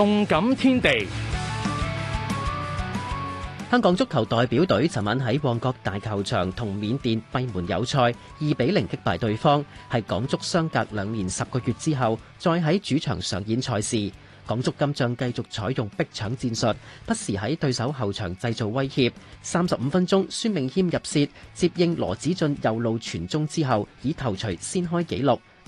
動感天地，香港足球代表隊尋晚喺旺角大球場同緬甸閉門友賽，二比零擊敗對方，係港足相隔兩年十個月之後再喺主場上演賽事。港足今仗繼續採用逼搶戰術，不時喺對手後場製造威脅。三十五分鐘，孫銘謙入楔接應羅子俊右路傳中之後，以頭錘先開紀錄。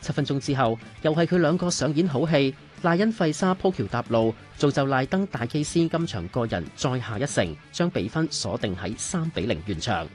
七分鐘之後，又係佢兩個上演好戲，賴恩費沙鋪橋搭路，造就賴登大基斯今場個人再下一城，將比分鎖定喺三比零完場。